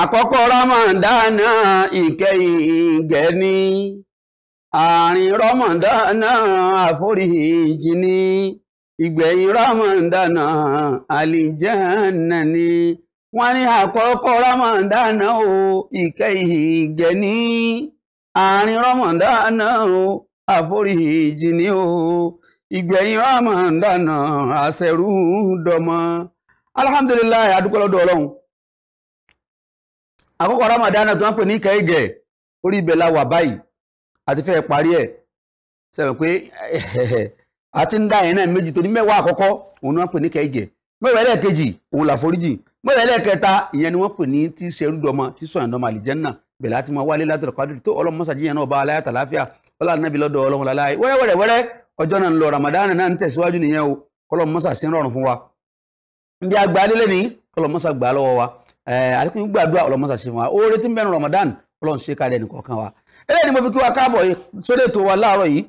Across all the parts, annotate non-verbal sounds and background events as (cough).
àkọ́kọ́ ramadana ìkẹyìn gẹ̀ẹ́ni àárín ramadana àforíjì ni ìgbẹ̀yìn ramadana àlìjẹ́nà ni wọ́n ní àkọ́kọ́ ramadana o ìkẹyìn gẹ̀ẹ́ni àárín ramadana o àforíjì ni o ìgbẹ̀yìn ramadana àṣẹrú dọmọ alhamdulilayi adúgbò lọ́dọ̀ ọlọ́run àkókò Ramadan tó ń pè ní kẹ́ẹ̀gẹ̀ orí ibẹ̀ la wà báyìí àti fẹ́ parí ẹ̀ sẹ́wọ̀n pé àti (laughs) ń dá yẹn náà méjì tó ní mẹ́wàá àkọ́kọ́ òun ni wọ́n pè ní kẹ́ẹ̀gẹ̀ mẹ́wàá ẹlẹ́ẹ̀kejì òun làforíjì mẹ́wàá ẹlẹ́ẹ̀kẹta ìyẹn ni wọ́n pè ní tí sẹ́rúdọmọ tí sọ̀yàndọmọ àlìjẹ́nà bẹ̀rẹ̀ àti máa wálé látọ̀rọ̀ kádìrì tó ọlọ́mọsàdìyàn náà bá aláyàtà láfíà ọlọ́àdínábì Ramadan náà ń tẹ̀síwájú nìyẹn o kọlọ́mọsà sí rọrùn fún wa ń bí agbálélé ní kọlọ́mọsà àlékún gbàdúrà ọlọmọsà sí wa oore tí ń bẹnu Ramadan Ọlọ́run ṣe kalẹ̀ nìkọ̀ọ̀kan wa eléyìí ni mo fi kí wa káàbọ̀ sórí ètò wa láàárọ̀ yìí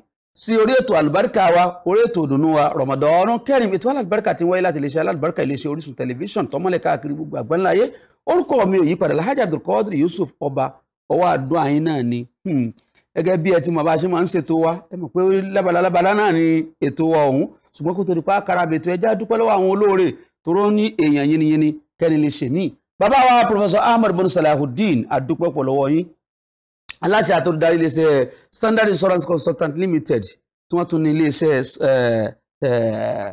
sí orí ètò àlùbáríkà wa orí ètò ìdùnnú wa Ramadan Kareem ètò àlùbáríkà ti wáyé láti iléeṣẹ́ àlùbáríkà iléeṣẹ́ Orísun tẹlifíṣàn tọmọlẹ káàkiri gbogbo àgbáńlá ayé orúkọ mi ò yípadà Alhaji Abdulkadir Yusuf ọba ọwọ́ àdó àyín náà ni hmm. gẹ́gẹ́ bí ẹ ti mọ̀ bá a ṣe máa ń ṣètò wa ẹ mọ̀ pé lábala náà ni ètò wa ọ̀hún ṣùgbọ́n kó tó di pa kára bètò ẹjá dúpẹ́ lọ́wọ́ àwọn olóore tó rọ́ ní èèyàn yiniyini kẹ́ni lè ṣèmíì bàbá wa professor ahmed bin salahuddin adúpẹ́pọ̀ lọ́wọ́ yín aláṣẹ àtọ́darí se standard insurance consultant limited tí wọ́n tún ní iléeṣẹ́ eh, eh,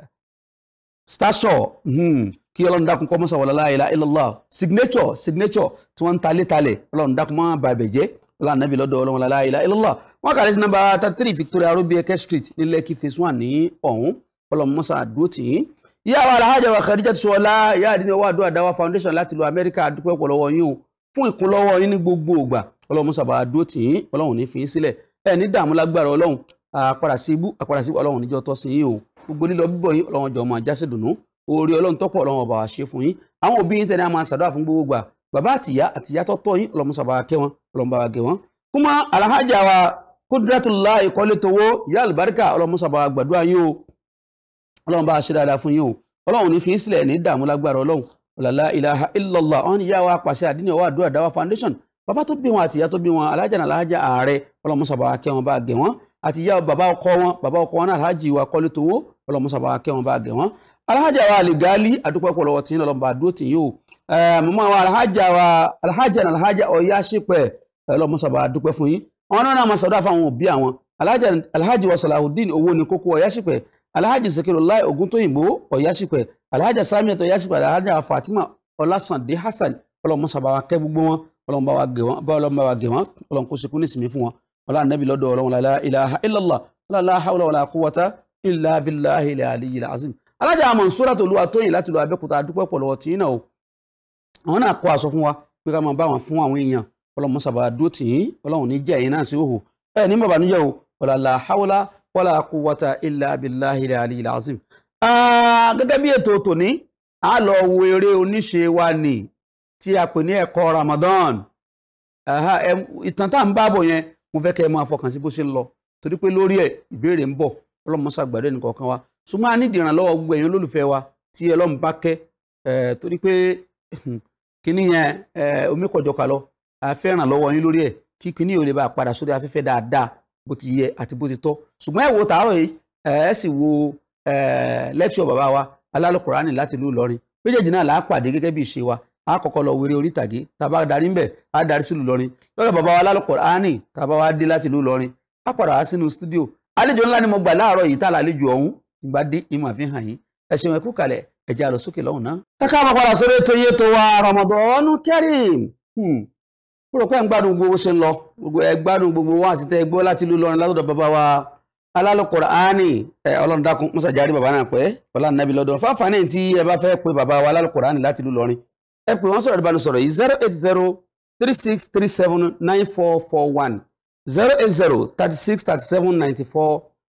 stasure hmm, kí ọlọ́run dákun kọ́ mọ́sá wàlá láàyè ilọ́lá signature signature tí wọ́n ń talé talẹ̀ ọlọ́run dákun máa bàbẹ̀ jẹ́ ọlọ́run nàbí lọ́dọ̀ ọlọ́run láàyè ilọ́lá wọ́n kàlẹ́ sí nọ́mbà thirty three victoria arobieke street ní lekki phase one ní ọ̀hún ọlọ́run mọ́sá àdúró tì yín ìyá wa alhaja wa Khadija Ṣọlá ìyá àdínní ọwọ́ àdúrà dáwà foundation láti lo America àdúpẹ́ pọ̀ lọ́wọ́ yín o fún ìkúnlọ́wọ́ yín ní gbogbo ògbà ọlọ́run sábà dúró tì yín ọlọ́run ní fi yín sílẹ̀ ẹ ní dààmú lágbára ọlọ́run àpàdà sí ibú àpàdà sí ọlọ́run níjọ́ tọ́ sí yín o gbogbo lílọ bíbọ̀ yín ọlọ́run jọ máa jásẹ̀ dùnú oore ọlọ́run tọ́pọ̀ ọlọ́run ọba ṣe fún wa Kudratullahi ìkọ́lé towó ìyá àlùbáríkà ọlọ́run sábà gbàdúrà yín ọlọ́run bá a ṣe dáadáa fún yín o ọlọ́run ní fi sílẹ̀ ní dààmú lágbára ọlọ́run ọ̀làlá ilaha illallah ọ̀hún ìyá wa pàṣẹ àdínní ọwọ́ àdúrà dáwà foundation bàbá tó bí wọn àti ìyá tó bí wọn alájà náà alájà ààrẹ ọlọ́mọṣàbà kẹ́ wọn bá gẹ̀ wọ́n àti ìyá bàbá ọkọ wọn bàbá ọkọ wọn náà alájì wa kọ́lé tówó ọlọ́mọṣàbà kẹ́ wọn bá gẹ̀ wọ́n alájà wa àlìgálí àdúpọ̀ pọ̀ lọ́wọ́ tí ń lọ́mọba dúró ni kókó ọ̀yá ṣípẹ́ alhaji Zikirullahi Ògúntóyìnbó ọ̀yásípẹ̀ alhaja samiat ọ̀yásípẹ̀ alhaja fatima ọlásàndé hasan ọlọmọsàbáwa kẹ́ gbogbo wọn ọlọmọbáwa gẹ̀ wọ́n ọlọmọ kó sekú nísìmí fún wọn ọlọ́run nàbí lọ́dọ̀ ọlọ́run la ilaha illallah la hawla wala quwwata illa billahi al-aliyyil azim alhaja Mansura Olúwatóyìn láti lọ abẹ́kúta adúpẹ́ pọ̀ lọ́wọ́ tìyín náà o àwọn náà kọ́ aṣọ fún wa pé ká máa bá wọn fún àwọn èèyàn ọlọmọsàbáwa dúró tìyín ọlọ́run ní jẹ́ ẹ̀yìn wala quwwata illa billahi aliyil azim. Ah, gẹ́gẹ́ bí ètò tòní a lọ wo eré oníṣe wa ni tí a pè ní ẹ̀kọ́ Ramadan ìtàn tá à ń bábọ̀ yẹn mo fẹ́ kẹ́ ẹ máa fọkàn ń lọ torí lórí ẹ̀ ìbéèrè ń bọ̀ ọlọ́mọ ṣàgbàdo wa gbogbo olólùfẹ́ wa tí ọlọ́run bá kẹ́ torí pé hmm, yẹn omi kọjọ kà lọ ìrànlọ́wọ́ yín lórí ẹ̀ kí lè bá padà sórí afẹ́fẹ́ dáadáa bó ti yẹ àti bó ti tọ́ ṣùgbọ́n ẹ wo tàárọ̀ yìí ẹ sì wo lẹ́kṣọ̀ bàbá wa alálùkùránì láti ìlú Ìlọrin méjèèjì náà là á pàdé gẹ́gẹ́ bí ìṣe wa a kọ́kọ́ lọ wéré orí ìtàgé tàbá darí ń bẹ̀ á darí sílùú Ìlọrin lọ́dọ̀ bàbá wa alálùkùránì tàbá wa dé láti ìlú Ìlọrin á padà wá sínú stúdíò àlejò ńlá ni mo gbà láàárọ̀ yìí tá a lálejò ọ̀hún ìgbà dé ìmọ̀ àfihàn yìí ẹ ṣeun ẹ kú kalẹ̀ ẹ̀já lọ sókè lọ́hùn náà. ẹ káàmọ́ padà sórí ètò iye tó wa Ramadan Kareem hmm ó rò pé ẹ̀ ń gbádùn gbogbo ṣe ń lọ ẹ̀ gbádùn gbogbo wọn àti tẹ́ ẹ gbọ́ láti ìlú Ìlọrin látọ̀dọ̀ bàbá wa alálùkọ̀rọ̀ áánì ẹ̀ ọlọ́run dákun musa jari bàbá náà pẹ́ ọlá nàbí lọ́dọ̀ fáfáàní tí ẹ bá fẹ́ pe bàbá wa alálùkọ̀rọ̀ áánì láti ìlú Ìlọrin ẹ pè wọ́n sọ̀rọ̀ ìbánisọ̀rọ̀ yìí zero eight zero three six three seven nine four four one zero eight zero thirty six thirty seven ninety four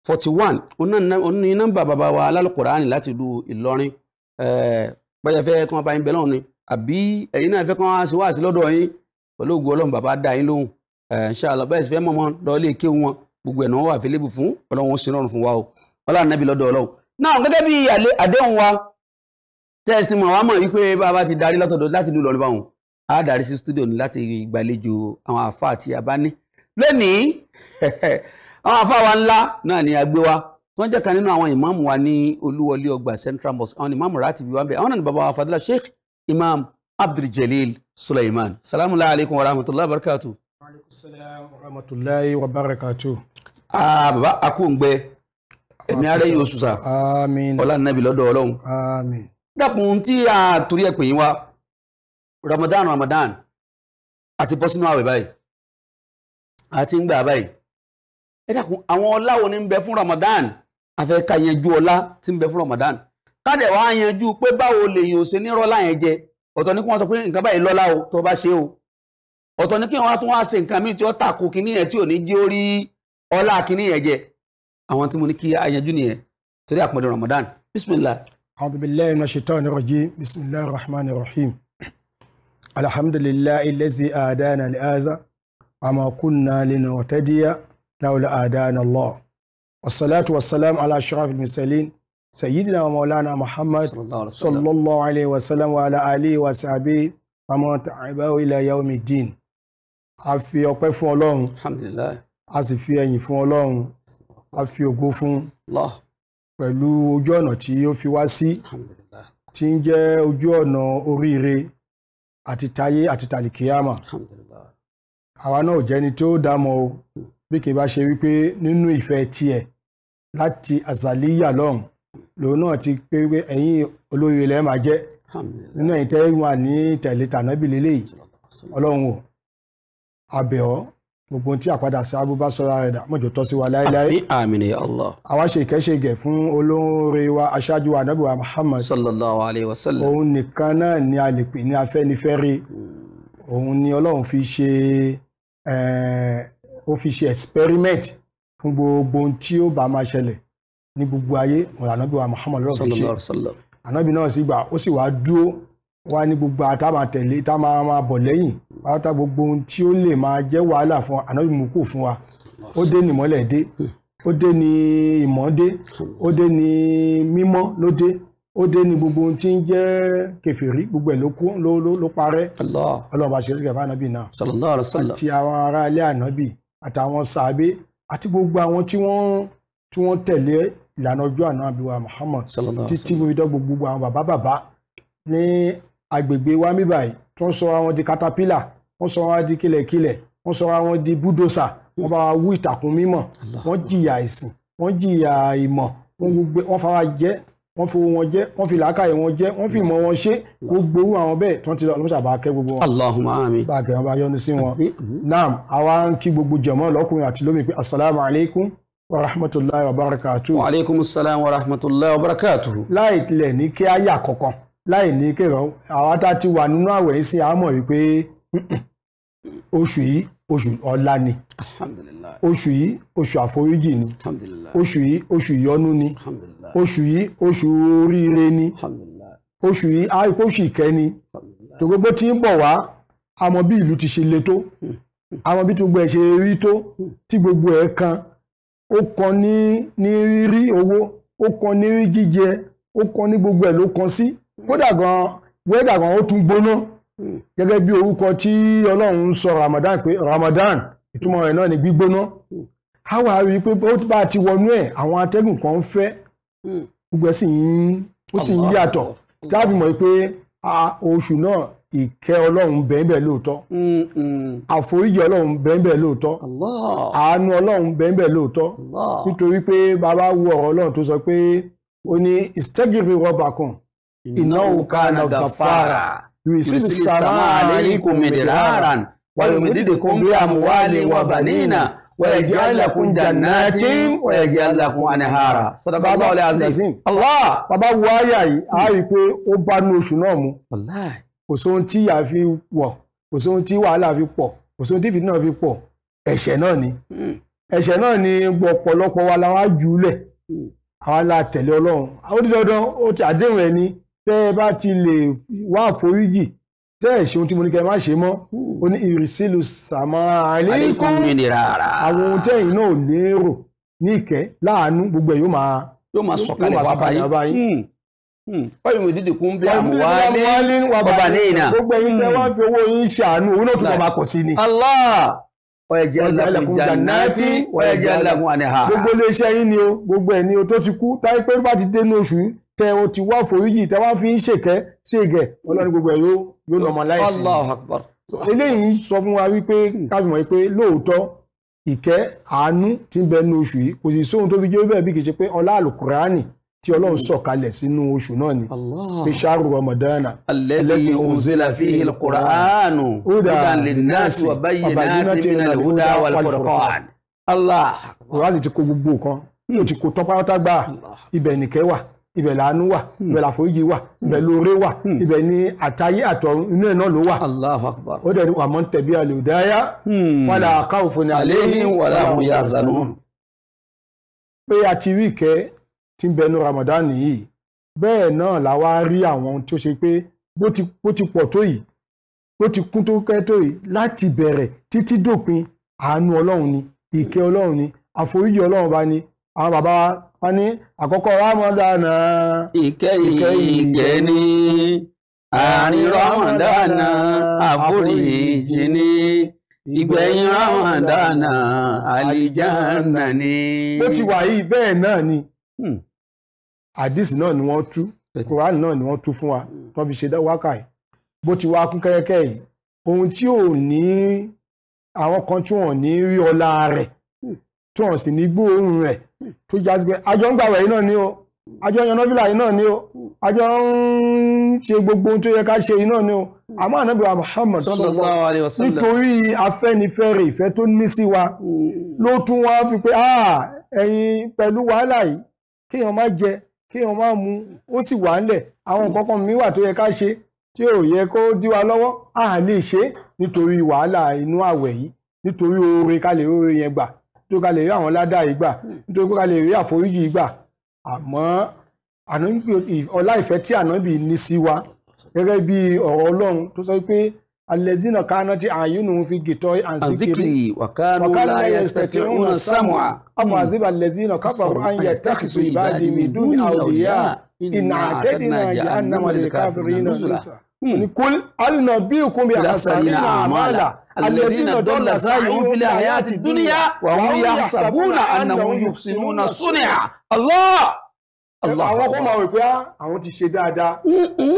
forty one oní nọ́mbà bàbá wa alálùkọ̀rọ̀ áánì láti ìlú Ìlọrin ẹ̀ pẹ́yẹfẹ́ kí wọ́n bá yín bẹ̀ lọ́run ni àbí ẹ̀yin náà fẹ́ kí wọ́n á ṣe wáàsí lọ́dọ̀ yín pẹ̀lú ògùn ọlọ́run bàbá dá yín lóhùn ṣáàlọ́ bẹ́ẹ̀ sì fẹ́ mọ̀mọ́ lọ ilé kéwù wọn gbogbo ẹ̀nà wọn wà fẹ́lẹ́bù fún ọlọ́run ó ṣe rọrùn fún wa o wọn láà nẹ́bi lọ́dọ̀ ọlọ́run náà gẹ́gẹ́ bí àdéhùn wa tẹ́ẹ̀sì mọ̀ wá mọ̀ wípé bàbá ti darí látọ̀dọ̀ láti lù lọ́rin báwọn á darí sí stúdíò ní láti gbàlejò àwọn àfa àti abáni lónìí (laughs) àwọn àfa wa ńlá náà ni agbé wa tó ń jẹ́ kan nínú àwọn ìmáàmù wa ní olúwọlé ọgbà central mosque àwọn ìmáàmù rà á ti bí wa ń àwọn náà ni bàbá wa fadúlá sheikh imam abdul-jalil suleiman salamu alaykum wa rahmatulahi wa barakatu. wa alaykum salaam wa rahmatulahi wa barakatu. aa ah, baba a kò ń gbẹ ẹ̀mí ara yìí oṣù sa àmín ọlá nàbì lọ́dọ̀ ọlọ́run àmín dákun tí a torí ẹ̀ pè yín wá ramadan ramadan àti bọ́ sínú àwẹ̀ báyìí àti ń gbà báyìí ẹ dákun àwọn ọlá wo ni ń bẹ fún ramadan àfẹ́ ká yanjú ọlá tí ń bẹ fún ramadan kádẹ̀ wá yanjú pé báwo lèyìn ò ṣe ní rọ́lá yẹn jẹ ọ̀tọ̀ ní kí wọ́n sọ pé nǹkan báyìí lọ́lá o tó bá ṣe o ọ̀tọ̀ ní kí wọ́n tún wá ṣe nǹkan míì tí ó tàkò kíní yẹn tí ò ní jí ó rí ọlá kíní yẹn jẹ àwọn tí mo ní kí ayanjú nìyẹn torí àpọ̀dé Ramadan bisimilah. a'udhu billahi minash shaitani rajim bisimilahi rahman rahim alhamdulillahi allazi adana li'aza ama kunna linahtadiya lawla adana Allah wassalatu wassalamu ala ashrafil mursalin sayyidina maulana muhammad sallallahu alaihi wasallam wa ala alihi wa sahbihi wa man tabi'ahu ila yawmi din a fi ọpẹ́ fún ọlọ́run alhamdulillah a sì fi ẹ̀yìn fún ọlọ́run a fi ògo fún Allah pẹ̀lú ojú ọ̀nà tí ó fi wá sí alhamdulillah tí ń jẹ́ ojú ọ̀nà oríire àti tayé àti tàlìkíyàmà àwa náà ò jẹ́ni tó dámọ̀ o hmm. bí kì bá ṣe wípé nínú ìfẹ́ tiẹ̀ láti àzàlíyà lọ́hùn lòun náà ti pé pé ẹ̀yin olórí ilẹ̀ máa jẹ́ nínú ẹ̀yin tẹ́yìn wà ní tẹ̀lé tànábì lélẹ́yìí ọlọ́run o abẹ́ gbogbo tí àpadà sí agbóbá sọ́ra rẹ̀ dà mọ́jọ tọ́ sí wa láéláé ya Allah àwa ṣe ìkẹ́ṣe gẹ̀ fún olóore wa aṣáájú wa anábì wa Muhammad sallallahu alayhi wa sallam òun nìkan náà ni a lè pè ní afẹ́nifẹ́re hmm. òun ni ọlọ́run fi ṣe eh, ó fi ṣe experiment fún gbogbo ohun tí ó bá máa ṣẹlẹ̀ ní gbogbo ayé ọ̀làná bí wa Muhammad lọ́rọ̀ fi ṣe ànábì náà sì gbà ó sì wá dúró wá ní gbogbo àtá máa tá máa máa bọ̀ lẹ́yìn pátá gbogbo ohun tí ó lè máa jẹ́ wàhálà fún wa ànábì mú kù fún wa ó dé ní ìmọ́lẹ̀ dé ó dé ní ìmọ̀ dé ó dé ní mímọ́ ló dé ó dé ní gbogbo ohun tí ń jẹ́ kẹfìrí gbogbo ẹ̀ ló kú ló ló ló parẹ́ ọlọ́ọ̀bá ṣe rí kẹfà ànábì náà àti àwọn ará ilé ànábì àtàwọn sàábé àti gbogbo àwọn tí wọ́n tẹ̀lé ìlànà ojú àná àbíwá Muhammad títí mi dọ́ gbogbo àwọn bàbá bàbá ní agbègbè wa mi báyìí tó ń sọ àwọn di caterpillar wọ́n sọ àwọn di kílẹ̀kílẹ̀ wọ́n sọ àwọn di búdòsà wọ́n bá wa wú ìtàkùn mímọ̀ wọ́n jìyà ẹ̀sìn wọ́n jìyà ìmọ̀ wọ́n hmm. fara jẹ́ wọ́n fi wọn jẹ́ wọ́n fi làákàyè wọn jẹ́ wọ́n fi hmm. ìmọ̀ wọn ṣe gbogbo orú àwọn bẹ́ẹ̀ tí wọ́n ti lọ ọlọ́mọṣà bá kẹ́ gbogbo wọn. Allahumma àmín. bá a kẹ́ wọn bá yọ́nú sí wọn. Hmm. naam àwa ń kí gbogbo jọ̀mọ́ lọ́kùnrin àti lómi pé asalaamualeykum wa rahmatulahi wa barakatu. wa aleykum salaam wa rahmatulahi wa barakatu. láì tilẹ̀ ní kí a yà kankan láì ní kí àwa tá a ti wà nínú àwẹ̀ yìí sí a mọ̀ wípé (clears throat) oṣù yìí oṣù ọlá ni oṣù yìí oṣù àforíjì ni oṣù yìí oṣù ìyọ́nú ni oṣù yìí oṣù oríire ni oṣù yìí oṣù ìkẹ́ ni tòkó ń bọ̀ wá àmọ́ bí ìlú ti ṣe le tó àmọ́ hmm. bí gbogbo ẹ̀ ṣe rí tó hmm. tí gbogbo ẹ̀ kan ó kan ní ní rírí owó ó kan ní rí jíjẹ ó kan ní gbogbo ẹ̀ ló kan sí kódà gan wẹ́dà gan ó tún gbóná gẹ́gẹ́ bí orúkọ tí ọlọ́run sọ Ramadan pé Ramadan ìtumọ̀ rẹ̀ náà ni gbígbóná a wà rí i pé ó bá ti wọnú ẹ̀ àwọn atẹ́gùn kan ń fẹ́ gbogbo ẹ̀ sì ń yàtọ̀ tá a fi mọ̀ pé oṣù náà ìkẹ́ ọlọ́run bẹ́ẹ̀bẹ́ẹ̀ lóòótọ́ àforíjì ọlọ́run bẹ́ẹ̀bẹ́ẹ̀ lóòótọ́ àánú ọlọ́run bẹ́ẹ̀bẹ́ẹ̀ lóòótọ́ nítorí pé bàbá wo ọ̀rọ̀ ọlọ́run tó sọ pé ó ní istagiri rọba kan iná òkà na gàfàrà yusuf sàmà alaykum midiraran wàlúmídìdìkún bí àmúwálé wà bànínà ويجعل لكم جنات ويجعل لكم انهارا صدق bàbá wo yìí a rí pé ó bá nu oṣù náà mu kò sóhun tí ìyà fi wọ̀ kò sóhun tí wàhálà fi pọ̀ kò sóhun tí fìtínà fi pọ̀ ẹ̀ṣẹ̀ náà ni hmm. ẹ̀ṣẹ̀ náà ni ọ̀pọ̀lọpọ̀ wa la wá jùúlẹ̀ hmm. àwa la tẹ̀lé ọlọ́run ó di dandan ó ti àdéhùn ẹ̀ ni tẹ́ ẹ bá ti lè wá àforíjì tẹ́ ẹ̀ ṣe ohun tí mo ní kẹ́ ẹ má ṣe mọ́ hmm. ó ní ìrísílù sàmárà àwọn ohun tẹ́yìn náà ò lérò ní ìkẹ́ láàánú gbogbo ẹ̀ yóò máa sọ̀kalẹ̀ wá báyìí ọyùn mi dídì kún bí àmúwálé bàbá ní ìnà gbogbo ẹ̀yin tẹ́ wá hmm. fi owó yín ṣàánú owó náà tún bàbá kò sí ni. Allah ọ̀yẹ̀jẹ̀ lakun jannati ọ̀yẹ̀jẹ̀ lakun àníhà. gbogbo iléeṣẹ́ yín ni o gbogbo ẹ̀ ni o tó ti kú táyé pé bá ti dé ní oṣù tẹ o ti wá foríjì tẹ wá fi ń ṣèkẹ́ ṣègẹ̀ ọlọ́run gbogbo ẹ̀ yóò yóò nọmọ láìsí. Allahu Akbar. eléyìí sọ fún wa wípé hmm. káfíńmọ̀ wípé lóòótọ́ ìkẹ́ àánú ti ń bẹ ní oṣù yìí kò sì sóhun tó fi jẹ́ bẹ́ẹ̀ bí kì í ṣe pé ọlá àlùkùránì tí ọlọ́run sọ̀kalẹ̀ sínú oṣù náà ni pé ṣáàrù ramadana alladhi unzila fihi alqur'anu hudan linnasi wa bayyinatin minal huda wal furqan allah. kùránì ti kó gbogbo nǹkan ó ti kó tọ́pátá gbà ibẹ̀ nìkẹ́ wà ibẹ̀ làánú wà hmm. ibẹ̀ làforíjì wà hmm. ibẹ̀ lóore wà hmm. ibẹ̀ ni àtayé àtọ̀run inú ẹ̀ náà ló wà. Allahu akbar. ó dẹ̀ wà mọ́ tẹ̀bí al-hudaya fala khawfun wala hum pé a ti rí ìkẹ́ tí ń bẹnu Ramadan yìí bẹ́ẹ̀ náà la wá rí àwọn tó ṣe pé bó ti pọ̀ tó yìí bó ti kún tó kẹ́ tó yìí láti bẹ̀rẹ̀ títí dòpin àánú Ọlọ́run ni ìkẹ́ Ọlọ́run ni àforíjì Ọlọ́run bá ni àwọn bàbá wa ní àkọ́kọ́ Ramadan. ìkẹ́ ìkẹ́ ìkẹ́ ni àárín Ramadan àforíjì ni ìgbẹ̀yìn Ramadan àlìjánnà ni. bó ti wà yìí bẹ́ẹ̀ náà ni àdìsí náà ni wọ́n tú kùránì náà ni wọ́n tú fún wa tó fi ṣe wákà yìí bó ti wá kún kẹ́kẹ́ yìí ohun tí ò ní àwọn kan tí wọ́n ní rí ọlá rẹ̀ hmm. tí wọ́n sì ní gbóòórùn rẹ̀ tó já sí pé àjọ ń gbàwẹ̀ yìí náà ni o àjọ ń yan nọ́fìlà yìí náà ni o àjọ ń ṣe gbogbo ohun tó yẹ ká ṣe yìí náà ni o hmm. àmọ́ ànábì wa Muhammad sallallahu alaihi wasallam nítorí afẹ́nifẹ́re ìfẹ́ tó ní sí wa hmm. ló tún wá fi pé ẹ̀yin pẹ̀lú wàhálà yìí kéèyàn má jẹ kí wọ́n má mu ó sì wà ńlẹ̀ àwọn nǹkan kan mi wà tó yẹ ká ṣe tí ò yẹ kó dí wa lọ́wọ́ a lè ṣe nítorí wàhálà inú àwẹ̀ yìí nítorí oore ká lè oore yẹn gbà tó ká lè rí àwọn ládà yìí gbà nítorí pé ká lè rí gbà àmọ́ ọlá ìfẹ́ tí ànábì ní sí wa gẹ́gẹ́ bí ọ̀rọ̀ Ọlọ́run tó sọ pé الذين كانت أعينهم في غطاء عن ذكري وكانوا, وكانوا لا يستطيعون السمع أفعذب الذين كفروا أن يتخذوا عبادي من دون أولياء إن أعتدنا جهنم للكافرين نزلا قل هل نبيكم بأحسنين أعمالا الذين ضل سعيهم في الحياة الدنيا وهم يحسبون أنهم يحسنون صنعا الله àwọn kò máa wò pé ah, àwọn ti ṣe dáadáa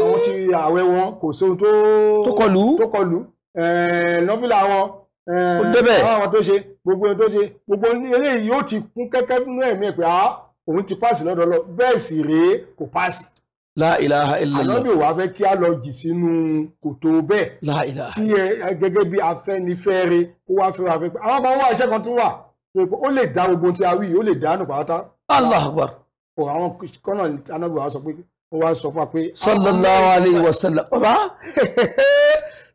àwọn ti àwẹ̀ wọn kò sóhun tó kọlù tó kọlù eh, nọ́fìlà wọn eh, àwọn tó ṣe gbogbo ohun tó ṣe gbogbo eléyìí yóò ti kún kẹ́kẹ́ fún ẹ̀mí ẹ̀ pé ah, òun ti páàsì lọ́dọ̀ lọ bẹ́ẹ̀ sì rèé kò páàsì. La ilaha illallah. Àlọ́bì wa fẹ́ kí a lọ jì sínú kòtò bẹ́ẹ̀. La Kí ẹ gẹ́gẹ́ bí afẹ́nifẹ́re kó wá fẹ́ wá fẹ́ pé àwọn kan wá iṣẹ́ kan tún wà. Ó lè dá gbogbo ohun tí a wí yìí, ó lè dánù pátá. Allahu Akbar àwọn kọ́nà anábì wa sọ pé ó wá sọ fún wa pé. sallallahu alaihi wasallam bàbá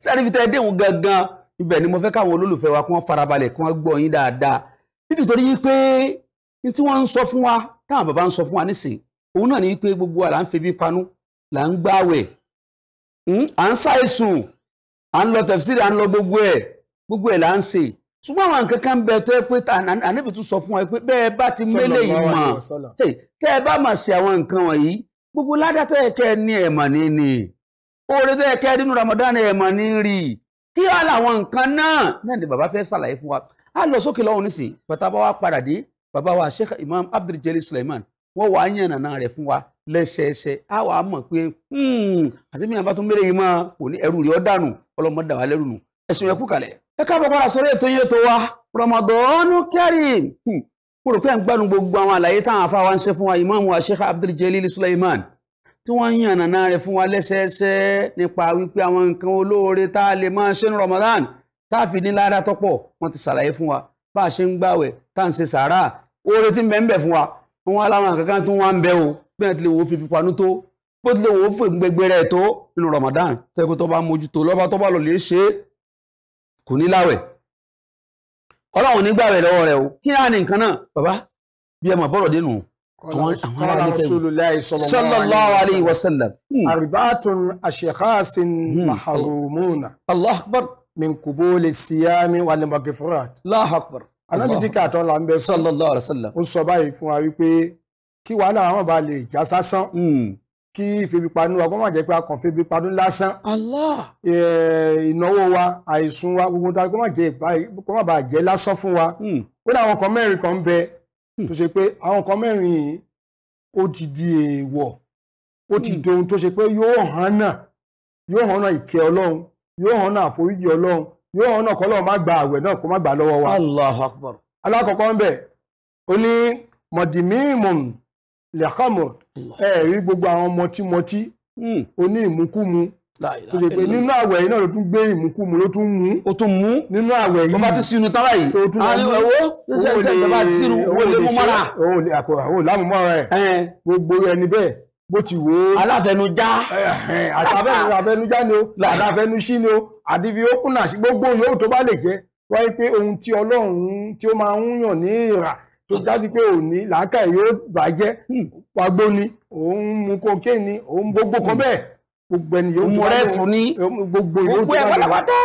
sáré (laughs) fi tẹ déhùn gangan ibẹ̀ ni mo fẹ́ káwọn olólùfẹ́ wa kí wọ́n farabalẹ̀ kí wọ́n gbọ́ yín dáadáa nítorí wípé ní tí wọ́n ń sọ fún wa táwọn bàbá ń sọ fún wa nísìn òun náà ni wípé gbogbo wa là ń febi panú là ń gbáwẹ̀ hmm, à ń ṣàìsùn à ń lọ tẹ̀fsíìrì à ń lọ gbogbo ẹ̀ gbogbo ẹ̀ là ń ṣe ṣùgbọ́n àwọn nǹkan kan bẹ tó yẹ pé ànábì tún sọ fún wa pé bẹ́ẹ̀ bá ti mélé yìí mọ̀ tẹ́ ẹ bá mà ṣe àwọn nǹkan wọ̀nyí gbogbo ládá tó kẹ́ ẹ ní ẹ̀mọ̀ ní ni oore tó yẹ kẹ́ ẹ nínú Ramadan ẹ̀mọ̀ ní rí kí á làwọn nǹkan náà náà ni bàbá fẹ́ ṣàlàyé fún wa á lọ sókè lọ́hùn nísìn pẹ̀tà bá wa padà dé bàbá wa Sheikh Imam Abdul Jalil Suleiman wọ́n wàá yànnàná rẹ̀ fún wa lẹ́sẹẹsẹ á wàá mọ̀ pé hmm, àti mi àbá tó mélé yìí mọ́ kò ní ẹrù rí ọ́ dànù ọlọ́mọ nù ẹ̀sùn yẹn kú kalẹ̀ ẹ káàbọ̀ padà sórí ètò yẹn tó wa Ramadan Kareem hmm. mo rò pé à ń gbádùn gbogbo àwọn àlàyé táwọn afá wa ń ṣe fún wa ìmáàmù Sheikh Abdul Jalil Sulaiman tí wọ́n ń yànnà náà rẹ̀ fún wa lẹ́sẹẹsẹ nípa wípé àwọn nǹkan olóore tá a lè máa ṣe ní Ramadan tá a fi ní ládàá tọ́pọ̀ wọ́n ti ṣàlàyé fún wa bá a ṣe ń gbàwẹ̀ tá à ń ṣe sàárà oore ti ń bẹ ń bẹ fún wa wọn aláwọn kankan tó wọn ń bẹ o bí wọ́n ti lè wò ó fi pípanú tó bó ti lè wò ó fi gbẹgbẹrẹ tó nínú Ramadan tẹ́kọ̀ tó bá mójútó lọ́ba tó bá lọ lè ṣe é kò ní láwẹ̀ ọlọ́run nígbà rẹ̀ lọ́wọ́ rẹ̀ o kí á ní nǹkan náà bàbá bí ẹ mọ̀ bọ́rọ̀ dénú àwọn ará ní fẹ́ sallallahu alayhi wa sallam. Hmm. arbaatun ashikhasin hmm. maharumuna. allah akbar. min kubuli siyami wal magfirat. allah akbar. alábi tí kàtọ́ la àwọn bá kí ìfebípanú wa kó a kàn febípanú lásán. Allah. ìnáwó wa àìsùn wa gbogbo ta kó má lásán fún wa. Hmm. àwọn kan mẹ́rin kan bẹ hmm. tó pé àwọn kan mẹ́rin o ti di èèwọ̀ O ti hmm. dohun to se pé yóò hàn náà yóò hàn náà ìkẹ́ ọlọ́run yóò hàn ọlọ́run yóò hàn má gbà lẹ́kàmọ̀ ẹ rí gbogbo àwọn mọtímọtí hmm. oní ìmúkúmu tó ṣe pé nínú àwẹ̀ yìí náà ló tún gbé ìmúkúmu ló tún mú ó tún mú nínú àwẹ̀ yìí bàbá ti sínú tára yìí tó tún lọ mú owó lè bàbá ti sínú owó lè mú mọ́ra owó lè àkọ́rà owó láàmú mọ́ra ẹ̀ gbogbo ẹni bẹ́ẹ̀ bó ti wò ó. aláfẹnujá. àtàfẹnujá (laughs) ni ó àtàfẹnusí ni ó àdìbí ó kùnà sí gbogbo yòówù tó bá lè jẹ wáyé pé ohun tí Ọlọ́run tí ó máa ń yàn ní ìrà tó já sí pé òní làákà yóò bàjẹ́ pàgbó hmm. ni òun mu kokéènì ni òun gbogbo kan bẹ́ẹ̀ gbogbo ẹni yóò tó rẹ̀ fún ní gbogbo ìlú tó rẹ̀ pátápátá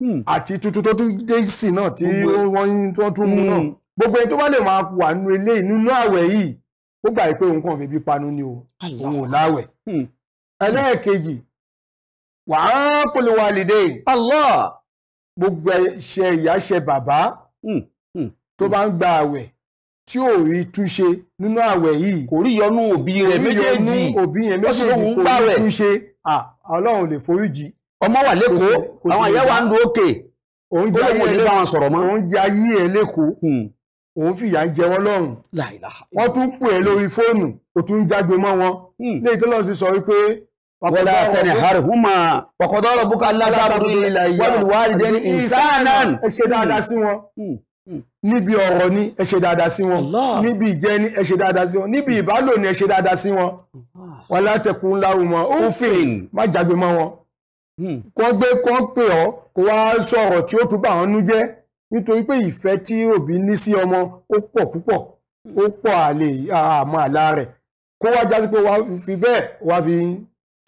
hmm. àti tuntun tó tún dé sí náà tí wọ́n tún mú náà hmm. gbogbo ẹni tó bá lè máa wà nínú ilé nínú àwẹ̀ yìí ó gbà pé òun kàn fi bí panu ni òun ò láwẹ̀ ẹlẹ́ẹ̀kejì wàá kólé wa lìdè Allah gbogbo ẹ̀ṣẹ̀ ìyá ṣe bàbá tó bá ń gba àwẹ̀ tí ò rí túnṣe nínú àwẹ̀ yìí kò rí yọnú òbí rẹ̀ méjèèjì òbí yẹn méjèèjì kò rí túnṣe ọlọ́run lè foríjì. ọmọ wà lẹ́kọ̀ọ́ àwọn ìyá wa ń lo òkè oúnjẹ ayé ẹ lẹ́kọ̀ọ́ oúnjẹ ayé ẹ lẹ́kọ̀ọ́ òun fìyà ń jẹ wọ́n lọ́rùn wọ́n tún pè é lórí fóònù ó tún jágbe mọ́ wọn hmm. léyìí tó lọ sí sọ wípé wala tanharhuma wa qadara rabbuka alla ta'budu illa iyyahu wa bil walidayni ihsanan ẹ ṣe dáadáa sí wọn hmm níbi ọ̀rọ̀ ni ẹ ṣe dáadáa sí wọn níbi ìjẹ ni ẹ ṣe dáadáa sí wọn níbi ìbálò ni ẹ ṣe dáadáa sí wọn wọn látẹkùn ńlá wọn ó fìn má jágbe mọ́ wọn. Hmm. kọ́ gbé kọ́ pè ọ́ kó wá sọ̀rọ̀ tí ó tún bá wọn nú jẹ́ nítorí pé ìfẹ́ tí òbí ní sí ọmọ ó pọ̀ púpọ̀ ó pọ̀ àlè àmọ́ àlá rẹ̀ kó wá jásí pé wá fi bẹ́ẹ̀ wá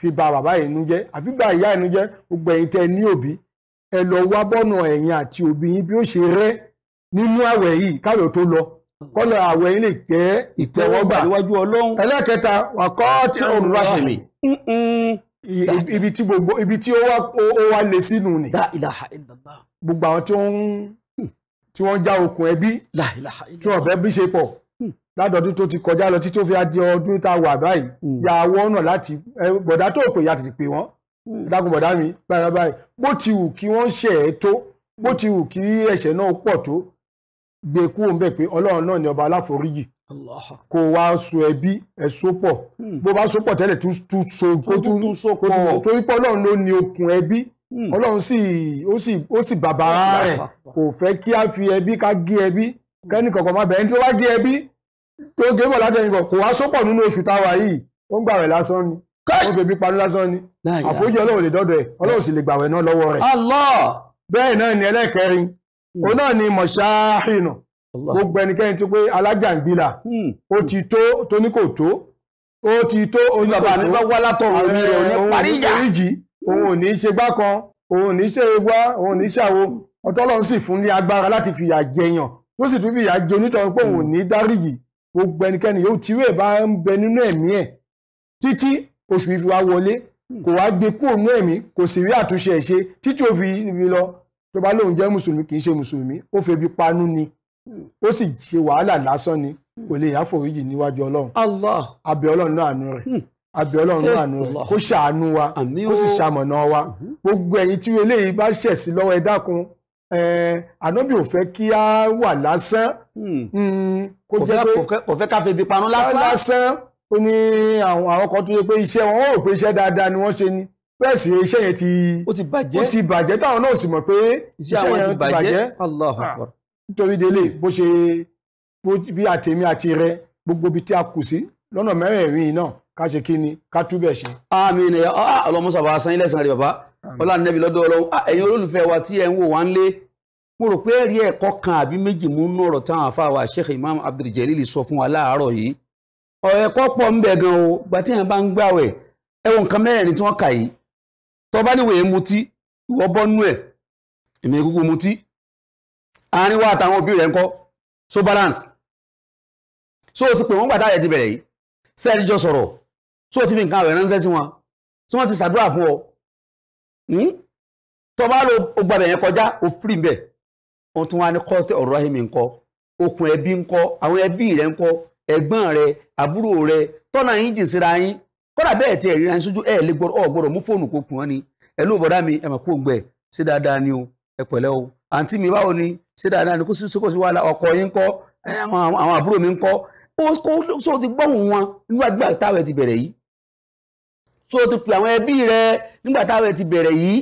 fi ba bàbá yìí nú jẹ́ àfi bá ìyá yìí nú jẹ́ gbogbo ẹ̀yin ní òbí ẹ lọ wá bọ́nà ẹ̀yin àti òbí yín bí ó ṣe rẹ́ nínú àwẹ̀ yìí káyọ̀ tó lọ hmm. kọ́lọ̀ àwẹ̀ yìí lè jẹ́ ìtẹ́wọ́gbà iwájú ọlọ́run ẹlẹ́kẹta wà kọ́ tí ó rà mí ibi tí gbogbo ibi tí ó wá lè sínú ni gbogbo àwọn tí wọ́n hmm. tí wọ́n já okùn ẹbí tí wọ́n fẹ́ bí ṣe pọ̀ hmm. ládọ̀dún tó ti kọjá lọ tí tó fi di ọdún tá a wà báyìí ya àwọn ọ̀nà láti bọ̀dá tó pè ya tètè pè wọ́n dákun bọ̀dá mi báyìí bó ti wù kí wọ́n ṣẹ̀ ẹ́ tó bó ti wù kí ẹ̀ṣẹ̀ náà pọ̀ tó gbé kúrò ń bẹ̀ pé ọlọ́run náà ni ọba aláforíjì kò wá so ẹbí ẹ sopọ̀ hmm. bó bá sopọ̀ tẹ́lẹ̀ tún so kó tún sopọ̀ torí pé ọlọ́run ló ní okùn ẹbí hmm. ọlọ́run sì ó sì ó sì bàbàrà rẹ̀ kò fẹ́ kí a fi ẹbí ká gé ẹbí kẹ́ni kankan má bẹ̀rẹ̀ ní tó bá gé ẹbí tó gé bọ̀ látẹ̀yìn kan kò wá sopọ̀ nínú oṣù táwa yìí ó ń gbàwẹ̀ lásán ni ó ń febi panu lásán ni àforíjì ọlọ́run lè dọ́dọ̀ ẹ̀ ọlọ́run sì lè gbàwẹ̀ náà lọ́wọ́ rẹ̀ bẹ́ẹ̀ náà ni ẹlẹ́kẹrin Hmm. òun náà ni mọ̀ṣáhìnà gbogbo ẹnikẹ́ni tó pé alájàngbìlà hmm. ó ti tó tó ní kò tó o ti tó oníbàbà ní bá wá látọ̀rọ̀ omi rẹ̀ ní paríyà òun ò ní í ṣe gbá kan òun ò ní í ṣe gbá òun ò ní í ṣàwo ọtọ́lọ́run sì fún ní agbára láti fìyà jẹyàn tó sì tún fìyà jẹ nítorí pé òun ò hmm. ní dáríyì gbogbo ẹnikẹ́ni yóò tí wèé bá ń bẹ nínú ẹ̀mí ẹ̀ títí oṣù ìfiwá wọlé kò wá gbé kúrò nínú ẹ̀mí kò sì rí àtúnṣe ẹ̀ ṣe títí ó fi lọ tó bá lóun jẹ́ mùsùlùmí kì í ṣe mùsùlùmí ó febi panú ni ó sì ṣe wàhálà lásán ni kò lè yá foríjì níwájú ọlọ́run abẹ ọlọ́run náà àánú rẹ̀ hmm. abẹ ọlọ́run náà àánú rẹ̀ kó ṣàánú wa kó sì ṣamọ̀nà wa mhm. gbogbo ẹ̀yin tí eléyìí bá ṣẹ̀ sí lọ́wọ́ ẹ dákun ànábì ò fẹ́ kí á wà lásán hmm. Hmm, kó jẹ́ pé kò fẹ́ ká febi panu lásán ó ní àwọn kan tó yẹ pé iṣẹ́ wọn ó pé iṣẹ́ dáadáa ni wọ́n ṣe ni pẹ́ẹ̀sì iṣẹ́ yẹn ti ó ti bàjẹ́ ó ti bàjẹ́ táwọn náà sì mọ̀ pé iṣẹ́ yẹn ti bàjẹ́ Allahu ah, Akbar nítorí délé bó ṣe bí àtèmi àti rẹ gbogbo ibi tí a kù sí lọ́nà mẹ́rẹ̀ẹ̀rin náà ká ṣe kí ni ká túbẹ̀ ṣe. àmín ẹ̀yà ah, ah, ọlọ́mọṣà bá san ilé ẹ̀sán bàbá ọlá nẹ́bí lọ́dọ̀ ọlọ́wọ́ ẹ̀yin olólùfẹ́ wa tí ẹ̀ ń wò wá ń lé mo rò pé ẹ̀rí ẹ̀kọ́ kan àbí méjì mú nú ọ̀rọ̀ táwọn afáwà Sheikh Imam Abdul Jalil sọ fún wa láàárọ̀ yìí ọ̀rọ̀ ẹ̀kọ́ pọ̀ ń bẹ gan o gbà tí yẹn bá ń gbàwẹ̀ ẹ̀wọ̀n nǹkan mẹ́rin tí wọ́n kà yìí tó bá níwèé mutí ìwọ bọ́ nú ẹ̀ èmi kúkú mutí àárín wa àtàwọn òbí rẹ̀ ń kọ́ so balance so o ti pè wọ́n gbà táyẹ̀ ti bẹ̀rẹ̀ yìí sẹ́ẹ̀lì jọ sọ̀rọ̀ so o ti fi nǹkan rẹ̀ ránṣẹ́ sí wọn tí wọ́n ti ṣàdúrà fún ọ hmm? tó bá lo ogbàbẹ̀ yẹn kọjá o firi ń bẹ̀ wọ́n tún wá ní kọ́tẹ́ ọ̀rọ̀ ahimi ńkọ́ okùn ẹbí ńkọ́ àwọn ẹbí rẹ̀ ńkọ́ ẹ̀gbọ́n rẹ̀ àbúrò rẹ̀ tọ́nà yín jìn síra yín kódà bẹ́ẹ̀ tí ẹ̀rí ránṣẹ́ sójú ẹ̀ lè gbọ́dọ̀ ọ̀ gbọ́dọ̀ mú fóònù kó kùn án ni ẹ̀ bọ̀dá mi ẹ̀ kó gbẹ ṣé dáadáa ni o ẹ pẹ̀lẹ́ o àǹtí mi báwo ni ṣé dáadáa ni kó sí kó sí wàhálà ọkọ yín kọ́ àwọn àbúrò mi ń kọ́ so ti gbọ́hùn wọn nígbà gbà táwẹ̀ ti bẹ̀rẹ̀ yìí so ti pè àwọn ẹbí rẹ nígbà táwẹ̀ ti bẹ̀rẹ̀ yìí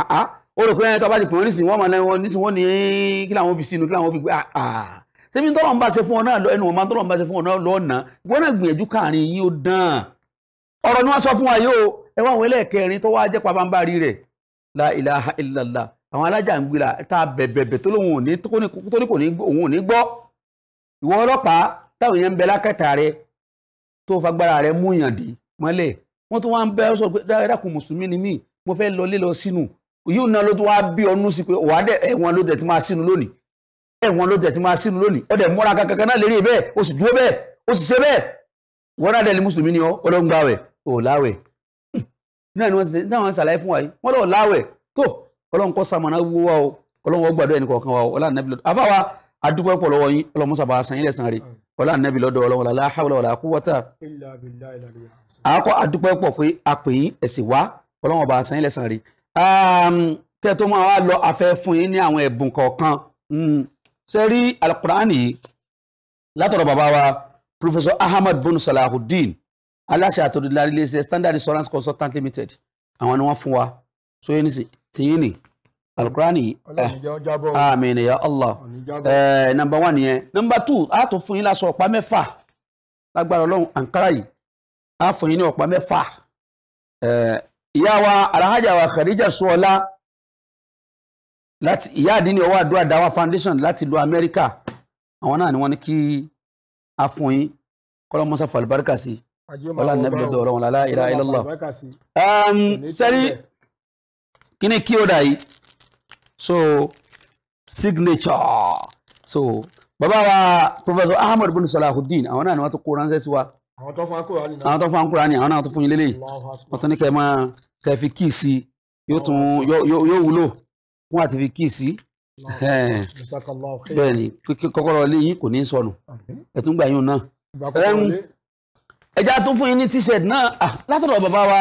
àá ó rò pé ẹni tó bá ti pè wọ́n nísìnyí wọ́n máa lẹ́wọ́n nísìnyí wọ́n ní kí làwọn fi sínú kí làwọn fi gbé ṣé bí tọ́lọ́ ń bá ṣe fún ọ náà ẹnu wọn máa tọ́lọ́ ń bá ṣe fún ọ náà lọ́ọ̀nà ìwọ gbìyànjú káàrin yín ó dán ọ̀rọ̀ ni wọ́n sọ fún wa yóò ẹ àwọn ẹlẹ́ẹ̀kẹrin tó wá jẹ́ pabambari rẹ̀ la ilaha illallah àwọn alájà ń gbìlà tá a bẹ̀bẹ̀bẹ̀ tó lóun ò ní tó ní kò ní òun ò ní gbọ́ ìwọ ọlọ́pàá táwọn yẹn ń bẹ lákẹ́tà rẹ tó fagbára rẹ mú yàn dé mọ́lẹ̀ wọ́n tún wá ń bẹ sọ pé dákun mùsùlùmí ni mí mo fẹ́ lọ lé lọ sínú yóò náà ló tún wá bí ọnú sí pé òwá dẹ ẹ̀wọ̀n ló dẹ̀ ti máa sínú lónìí ẹ̀wọ̀n ló dẹ̀ ti máa sínú lónìí ọ̀dẹ̀ múra kankan náà lérí bẹ́ẹ̀ ó sì dúró bẹ́ẹ̀ ó sì ṣe bẹ́ẹ̀ wọ́n náà dẹ̀ mùsùlùmí ni ọ́ ọlọ́ngbà rẹ̀ ò láwẹ̀ náà ni wọ́n ti náà wọ́n ṣàlàyé fún wa yìí wọ́n lọ láwẹ̀ tó kọ́lọ́n kọ́ sàmọ́nà wúwo wa o kọ́lọ́n wọ́n gbàdúrà ẹnì kọ̀ọ̀kan wa o ọlá nàbí lọ́dọ̀ àfáwa adúpẹ́ pọ̀ lọ́wọ́ yín ọlọ́mú sábà san yín lẹ́sàn rẹ̀ ọlá nàbí lọ́dọ̀ ọlọ́wọ́ la hawla wala quwwata. àkọ́ adúpẹ́ pọ̀ pé àpè yín ẹ̀sìn wá ọlọ́wọ́ bá san yín lẹ́sàn rẹ̀ kẹ́ tó máa wá lọ afẹ́ fún yín ní àwọn ẹ̀bùn kọ̀ọ̀kan hmm. ṣe rí alukur'ani látọ̀rọ̀ bàbá wa Professor Ahmad bin Salahuddin aláṣẹ àtòdìlárí iléeṣẹ́ standard insurance consultant limited àwọn ni wọ́n fún wa so yẹn nìsí tìyín ni alukurani àmín eh, ya allah eh, Number one nìyẹn nọ́mbà two a tún fún yín láṣọ ọ̀pá mẹ́fà lágbára ọlọ́run ankara yìí a fún yín ní ọ̀pá mẹ́fà eh, ìyá wa alhaja wa khadija suola láti ìyá àdínní ọwọ́ àdúrà dáwà foundation láti ìlú amẹ́ríkà àwọn náà ni wọ́n ní kí a fún yín kọ́lọ́mọ́sá fàlùbáríkà sí i ọlá nàbí dọdọ ọ̀rọ̀ wọn lálá ìlà ìlọlọ. sẹ́rí kí ni kí ó dà yìí so signature so bàbá wa professor ahmed bin salahuddin àwọn náà ni wọ́n tún kó ránṣẹ́ sí wa àwọn tó fún akúrà ni àwọn tó fún akúrà ni àwọn náà tó fún yín lélẹ̀ wọ́n tún ní kẹ́ máa kẹ́ fi kíì sí yóò tún yóò wúlò fún àti fi kíì sí bẹ́ẹ̀ ni kọ́kọ́rọ́ lé yín kò ní sọnù ẹ̀tún gbà yín náà ẹja tún fún yín ní t-shirt náà látọ̀dọ̀ bàbá wa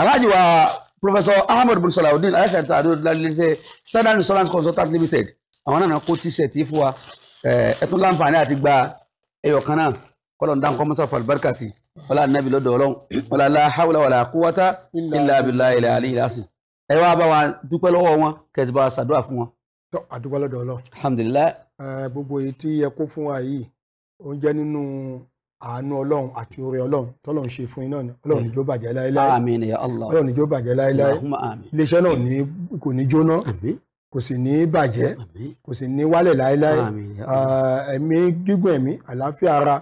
aláàjì wa professor ahmed bin salawudeen aláṣẹ àti àdóòdìlálẹ́sẹ̀ standard insurance consultant limited àwọn náà kó t-shirt yìí fún wa ẹ tún láǹfààní àti gba ẹyọ kan náà kọlọ̀n dáńkọ́ mọ́tò fàlùbáríkà sí wọlé ànábì lọ́dọ̀ ọlọ́run wọlé aláhàwùlà wàlà àkúwátá ilà abilà ilà àlẹ́ ìlà sí ẹ wá bá wa dúpẹ́ lọ́wọ́ wọn kẹsì bá wa ṣàdúrà fún wọn. àdúgbò lọ́dọ̀ ọlọ́run. alhamdulilayi. gbogbo èyí tí ẹ kó fún wa yìí ó ń jẹ́ nínú àánú ọlọ́run àti oore ọlọ́run tọ́lọ́run ṣe fún iná ni ọlọ́run níjó bàjẹ́ láéláé Allah ọlọ́run níjó bàjẹ́ láéláé iléeṣẹ́ náà kò ní jóná kò sì ní bàjẹ́ kò sì ní wálẹ̀ láéláé ẹ̀mí gígùn ẹ̀mí àlàáfíà ara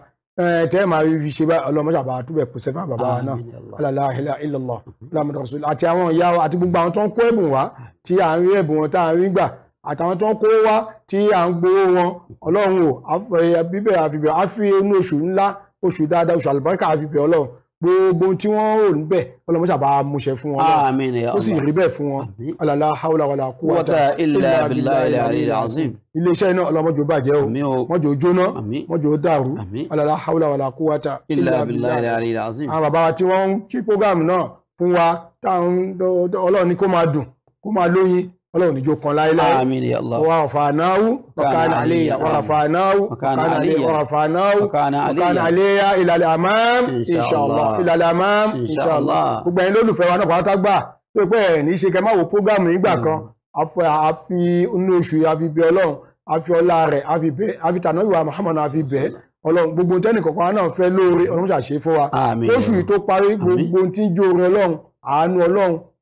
tẹ́ máa fi ṣe bá ọlọ́mọṣà bá túbẹ̀ kò sẹ́fà bàbá wa náà la ilaha illallah muhammadur rasul àti àwọn ìyá àti gbogbo àwọn tó ń kó ẹ̀bùn wá tí à ń rí ẹ̀bùn wọn tá à ń rí gbà àtàwọn tó ń kó wá tí à ń gbowó wọn ọlọ́run o eh, bíbẹ̀ àfibẹ̀ á fi inú oṣù ńlá oṣù dáadáa oṣù àlùbáríkà àfibẹ̀ ọlọ́run gbogbo tí wọ́n ò ń bẹ̀ ọlọ́run sábà múṣẹ fún wọn ó sì rí bẹ́ẹ̀ fún wọn alàlá haúlà wàlà kú wàtà ilẹ̀ abilà ilẹ̀ azim iléeṣẹ́ iná ọlọ́run mọ́jọ bàjẹ́ o mọ́jọ jóná mọ́jọ dàrú alàlá haúlà wàlà kú wàtà ilẹ̀ abilà ilẹ̀ azim àwọn bàbá tí wọ́n ń kí program náà fún wa táwọn ọlọ́run ní kó máa dùn kó máa lóyin ọlọ́run níjó kan láíláí wà fàánáwú ọ̀kánà àléyà wà fàánáwú ọ̀kánà àléyà wà fàánáwú ọ̀kánà àléyà ìlàlẹ̀ àmám inshallah ìlàlẹ̀ àmám inshallah gbogbo ẹ̀yin lólùfẹ́ wa náà pátá gbà pé pé ẹ̀ ní ṣe kẹ́ máa wo prógámù nígbà kan àfi hmm. inú oṣù àfi bẹ ọlọ́run àfi ọlá rẹ̀ àfi bẹ àfi tànà ìwà Muhammad àfi náà fẹ́ lóore ọlọ́run ṣàṣe fún wa oṣù yìí tó parí gbogbo tí jó orin ọlọ́run àánú ọlọ́run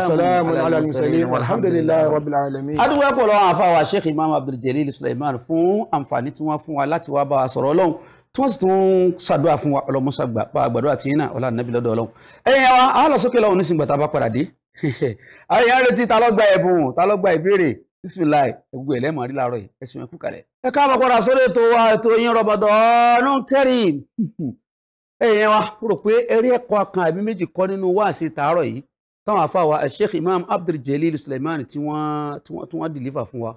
salamu ala al-mursalin walhamdulillahi rabbil alamin. adúgbò pọ̀ lọ́wọ́ àfa wa sheikh imam abdul jalil suleiman fún àǹfààní tí wọ́n fún wa láti wá bá wa sọ̀rọ̀ ọlọ́run tí wọ́n sì tún ṣàdúrà fún wa ọlọ́mọṣà gbà àgbàdo àti yín náà ọlá nàbí lọ́dọ̀ ọlọ́run. ẹ̀yin wa àwọn lọ sókè lọ́wọ́ nísìnyí gbàtà bá padà dé. àwọn (laughs) èèyàn retí ta ló gba ẹ̀bùn ta ló gba ìbéèrè bisimilayi gbogbo ẹlẹ́mọ̀ rí láàárọ̀ yìí ẹ̀sùn ẹ̀kú kalẹ̀. ẹ káàbọ̀ padà sórí ètò wa ètò yín Ramadan Kareem. ẹ̀yin wa rò pé eré ẹ̀kọ́ kan àbí méjì kọ́ nínú wáàsí tàárọ̀ yìí táwọn afáwa sheikh imam abdul jalil suleiman tí wọ́n tí wọ́n deliver fún wa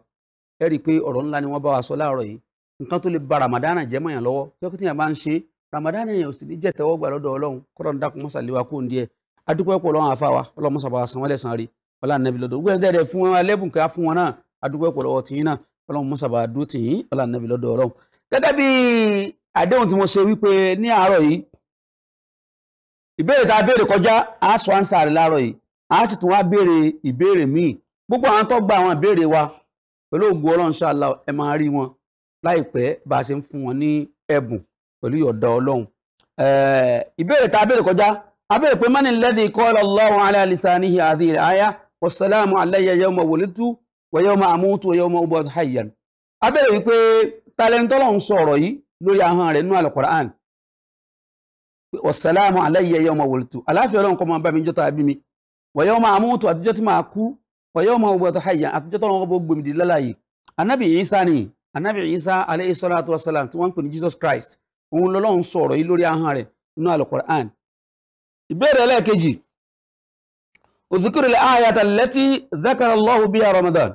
ẹ rí i pé ọ̀rọ̀ ńlá ni wọ́n bá wa sọ láàárọ̀ yìí nǹkan tó lè ba ramadana jẹ́ mọ̀yàn lọ́wọ́ dókítà yẹn máa ń ṣe ramadana yẹn ò sì ní jẹ́ tẹ́wọ́ gbà lọ́dọ̀ ọlọ́run kọ́ra ń dákun mọ́sá léwa kó ń díẹ̀ adúpẹ́ pọ̀ lọ́wọ́ afáwa ọlọ́run mọ́sá bá wa san wọ́n lẹ́sàn rí ọlá nàbí lọ́dọ̀ gbogbo ẹ̀ńtẹ́ rẹ̀ fún ìbéèrè tá a béèrè kọjá a sọ ánsà rẹ̀ láàárọ̀ yìí a sì tún wá béèrè ìbéèrè míì gbogbo àwọn tó gba àwọn ìbéèrè wa pẹ̀lú ògùn ọlọ́run ṣáàlà ẹ máa rí wọn láìpẹ́ bá a ṣe ń fún wọn ní ẹ̀bùn pẹ̀lú ìyọ̀dá ọlọ́run ìbéèrè tá a béèrè kọjá a béèrè pé mọ́ni lẹ́dí qala Allahu ala lisanihi hadhihi al-aya wassalamu alayya yawma wulidtu wa yawma amutu wa yawma ub'athu hayyan a béèrè wípé talẹ́ntọ́lọ́run sọ̀rọ̀ yìí lórí ahọ́n rẹ̀ nínú al wasalaamu alayya yawma wultu aláfíà ọlọ́run kọ́ máa bá mi jọ́ta àbí mi wa yawma amútu àtijọ́ tí máa kú wa yawma ubatu hayya àtijọ́ tọ́lọ́run kọ́ bó gbèmí di lálàyé anabi isa ni anabi isa aleyhi salatu wasalam tí wọ́n ń pè ní jesus christ òun lọ́lọ́run sọ̀rọ̀ yìí lórí ahọ́n rẹ̀ nínú alukur'an ìbéèrè ẹlẹ́ẹ̀kejì òfikiri ayata lẹ́tí zakara allahu biya ramadan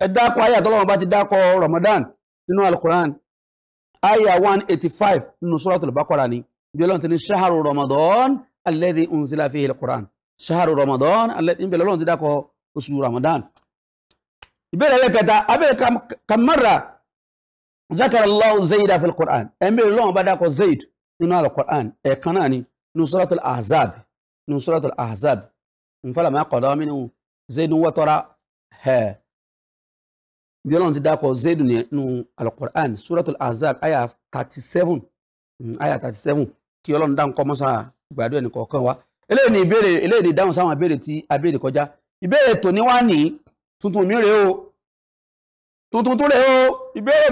ẹ dákọ̀ ayatollah bá ti dákọ̀ ramadan nínú alukur'an aya 185 eighty five nínú suratul Baqara ni bí ọlọ́run ti ní ṣaharu ramadan alladhi unzila fihi al-Qur'an ṣaharu ramadan alladhi ń bẹ̀rẹ̀ ọlọ́run ti dákọ̀ oṣù ramadan. ìbéèrè rẹ̀ kẹta abẹ́rẹ́ kamara zakar allah zayda fi al-Qur'an ẹ̀ ń bẹ̀rẹ̀ ọlọ́run bá dákọ̀ zayd nínú al-Qur'an ẹ̀ náà ni nínú suratul ahzab nínú suratul bí ọlọ́run ti dákọ̀ zaidu ní alukur'an suratul azab aya thirty seven aya hmm, thirty seven kí ọlọ́run dá nǹkan mọ́sá gbàdúrà kọ̀ọ̀kan wa eléyìí ni ìbéèrè eléyìí ni ìdáhùn sáwọn ìbéèrè tí abéèrè kọjá ìbéèrè tòní wá ní tuntun mi rèé o tuntun tún rèé o ìbéèrè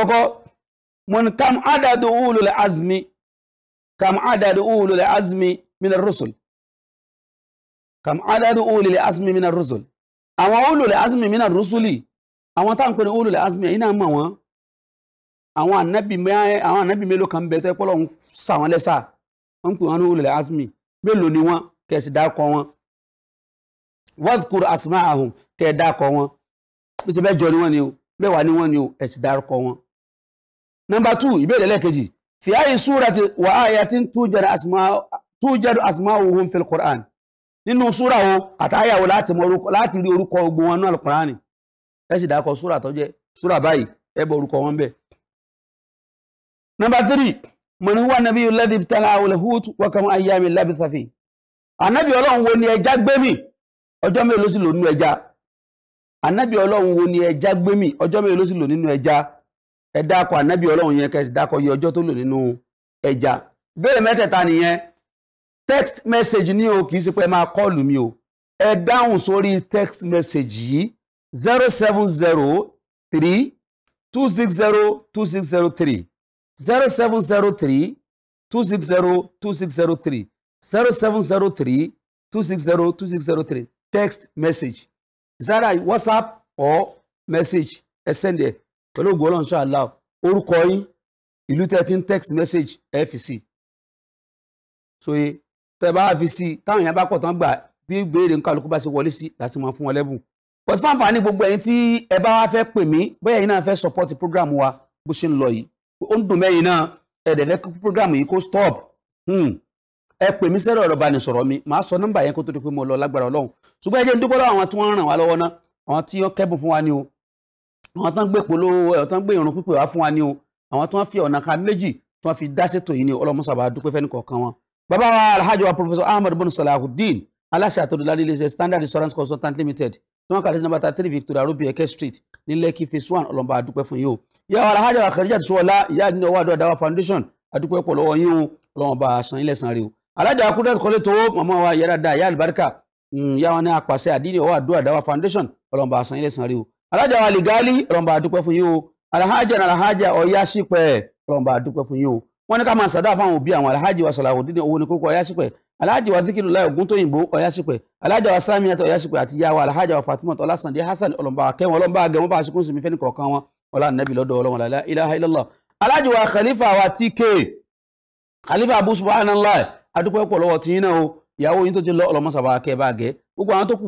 tuntun tún kam adadu azmi kam adadu azmi kam adadu ulil azmi mina rusul àwọn ulul azmi mina rusuli àwọn táwọn pẹ̀lú ulul azmi yìí náà mọ̀ wọ́n àwọn ànábì àwọn ànábì mélòó kan bẹ̀ tẹ́ pọ́lọ́ ń sà wọ́n lẹ́sà wọ́n ń pè wọ́n ní ulul azmi mélòó ni wọ́n kẹ̀sì dákọ wọn wadhkur asma'ahum kẹ̀ dákọ wọn bí ṣe bẹ́ẹ̀ jọ ni wọ́n ni o mẹ́wàá ni wọ́n ni o ẹ̀sì dárúkọ wọn. nọmba tù ìbéèrè lẹ́ẹ̀kejì fi ayi súrati wa ayatin tujadu asma'uhum fil Qur'an nínú súrà o àtàyàwó láti rí orúkọ gbogbo wọn náà Al-Kùránì ẹ sì dákọ súrà tó jẹ báyìí ẹ bọ orúkọ wọn bẹ. nọmba tírì mọ̀nì wà nàbí lẹ́dí tẹ́lá olùhùt wọ́kàn ayyámi wo ni ẹja gbé mi ọjọ́ ló sì lò nínú wo ni ẹja gbé mi ọjọ́ ló sì lò nínú ẹja. ẹ dákọ ànábì ọlọ́run yẹn kẹsì dákọ yẹ ọjọ́ tó lò nínú ẹja. bẹ́ẹ̀ text message ni o kì í ṣe pé ẹ máa kọ́ọ̀lù mi o ẹ dáhùn sórí text message yìí zero seven zero three two six zero two six zero three zero seven zero three two six zero two six zero three zero seven zero three two six zero two six zero three text message zara whatsapp or message ẹ send ẹ pẹ̀lú ògùn ọlọ́run ṣáà láò orúkọ yín ìlú tẹ́ text message ẹ fi sí i tẹ́ bá fi sí táwọn èèyàn bá pọ̀ tán gbà bí ìbéèrè nǹkan àlùkò bá ṣe wọlé sí láti máa fún wọn lẹ́bùn. kò sí fáǹfààní gbogbo ẹ̀yin tí ẹ bá wá fẹ́ pè mí bóyá ẹ̀yin náà fẹ́ support program wa bó ṣe ń lọ yìí ó ń dùn mẹ́yìn náà ẹ̀ dẹ̀ fẹ́ program yìí kó stop hmm. ẹ pè mí sẹ́rọ̀ ọ̀rọ̀ ìbánisọ̀rọ̀ mi màá sọ nọ́mbà yẹn kó tó di pé mo lọ lágbára ọlọ́run ṣùgbọ́n ẹ jẹ́ ń dúpọ́ lọ́wọ́ àwọn tí wọ́n ràn wá lọ́wọ́ ná àwọn tí wọ́n kẹ́bùn fún wa ni o àwọn tó ń gbé polówó ẹ̀ tó ń gbé ìrun pípé wá fún wa ni o àwọn tó ń fi ọ̀nà kan méjì tó ń fi dá ṣètò yìí ni ọlọ́mọṣàbà dúpẹ́ fẹ́ni kọ̀ọ̀kan wọn bàbá wa alhaji wa professor ahmed bonu salahuddin aláṣẹ àtọ̀dọ̀lá iléeṣẹ́ standard insurance consultant limited tí wọ́n kà lẹ́sìn nàbàtà three victoria rubi eke street ní lẹ́kì phase one ọlọ́mọba àdúpẹ́ fún yín o ìyá wa alhaji wa kẹrìjà ti sọ́wọ́lá ìyá àdínní ọwọ́ àdúrà dáwà foundation àdúpẹ́ pọ̀ lọ́wọ́ yín o ọlọ́mọba àṣàn ilẹ̀ sàn rè o alhaji wa kúndà kọ́lé tówó màmá wa ìyá dáadáa ìyá àlùbáríkà mm, ìyá wọn ní apàṣẹ àdínní ọwọ́ àdúrà dáwà foundation ọlọ́mọba àṣàn ilẹ̀ sàn rè o alhaji wa ligali ọlọ́mọba àdúpẹ́ fún yín o alhaji alhaji ọ̀yá sípẹ́ ọlọ́mọba àdúpẹ́ fún yín o wọ́n ní ká máa sàdá fáwọn òbí àwọn alhaji wa Salahuddin owó ní kókó ọ̀yásípẹ̀ alhaji wa Dhikrullahi Ògúntóyìnbó ọ̀yásípẹ̀ alhaji wa Samiyat ọ̀yásípẹ̀ àti yàwó alhaji wa Fatimatu Ọlásàndé Hasan ọlọ́mbà kẹwọn ọlọ́mbà agẹwọn bá aṣíkún sinmi fẹ́ni kọ̀ọ̀kan wọn ọlá nàbí lọ́dọ̀ ọlọ́wọ́n la ilaha illallah alhaji wa khalifa wa TK khalifa abu subhanallah adúpẹ́ pọ̀ lọ́wọ́ tí yín náà o ìyàwó yín tó ti lọ ọlọ́mọsà bá kẹ́ bá gẹ́ gbogbo àwọn tó kù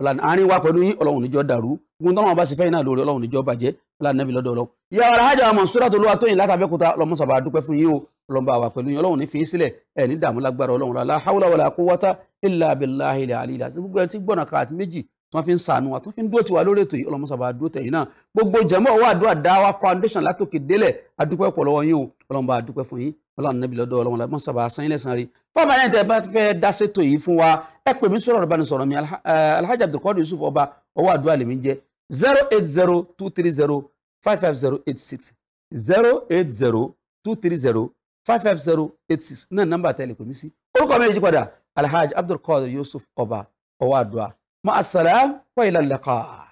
ọlànà àárín wa pẹ̀lú yín ọlọ́run níjọ́ dàrú gbogbo tọ́lọ́wọ́n bá sì fẹ́ iná lórí ọlọ́run níjọ́ bàjẹ́ ọlànà bí lọ́dọ̀ ọlọ́run ìyá ọ̀rọ̀ ajá àmọ̀ sódà tó lówà tóyìn látàbẹ́kúta ọlọ́mọsàbà dúpẹ́ fún yín o ọlọ́mọba wa pẹ̀lú yín ọlọ́run ní fi í sílẹ̀ ẹ̀ ní dààmú lágbára ọlọ́run la hawla wala quwwata illa billahi al-ali al-azim gbogbo ẹni tí gbọ́nà kan àti méjì fi ń sànù wa tí fi ń dúró tiwa lórí ètò yìí ọlọ́mọsàbà dúró tẹ̀yìn náà gbogbo jẹ̀mọ́ wa àdúrà dáwà foundation látòkè délẹ̀ adúpẹ́ pọ̀ yín o ọlọ́mọba adúpẹ́ fún yín ọlọ́run níbi lọ́dọ̀ ọlọ́run la mọ́sá bá sanyílẹ̀ san rí fáwọn ẹni tẹ́ bá fẹ́ dá sétò yìí fún wa ẹ pè mí sọ̀rọ̀ bá ní sọ̀rọ̀ mi alhaji abdulkadir yusuf ọba ọwọ́ àdúrà lèmi jẹ́ zero eight zero two three zero five five zero eight six zero eight zero two three zero five five zero eight six náà nọ́mbà tẹ́lẹ̀ pè mí sí orúkọ mi yìí padà alhaji abdulkadir yusuf ọba ọwọ́ àdúrà ma asalaam wa ilà lẹ́kàá.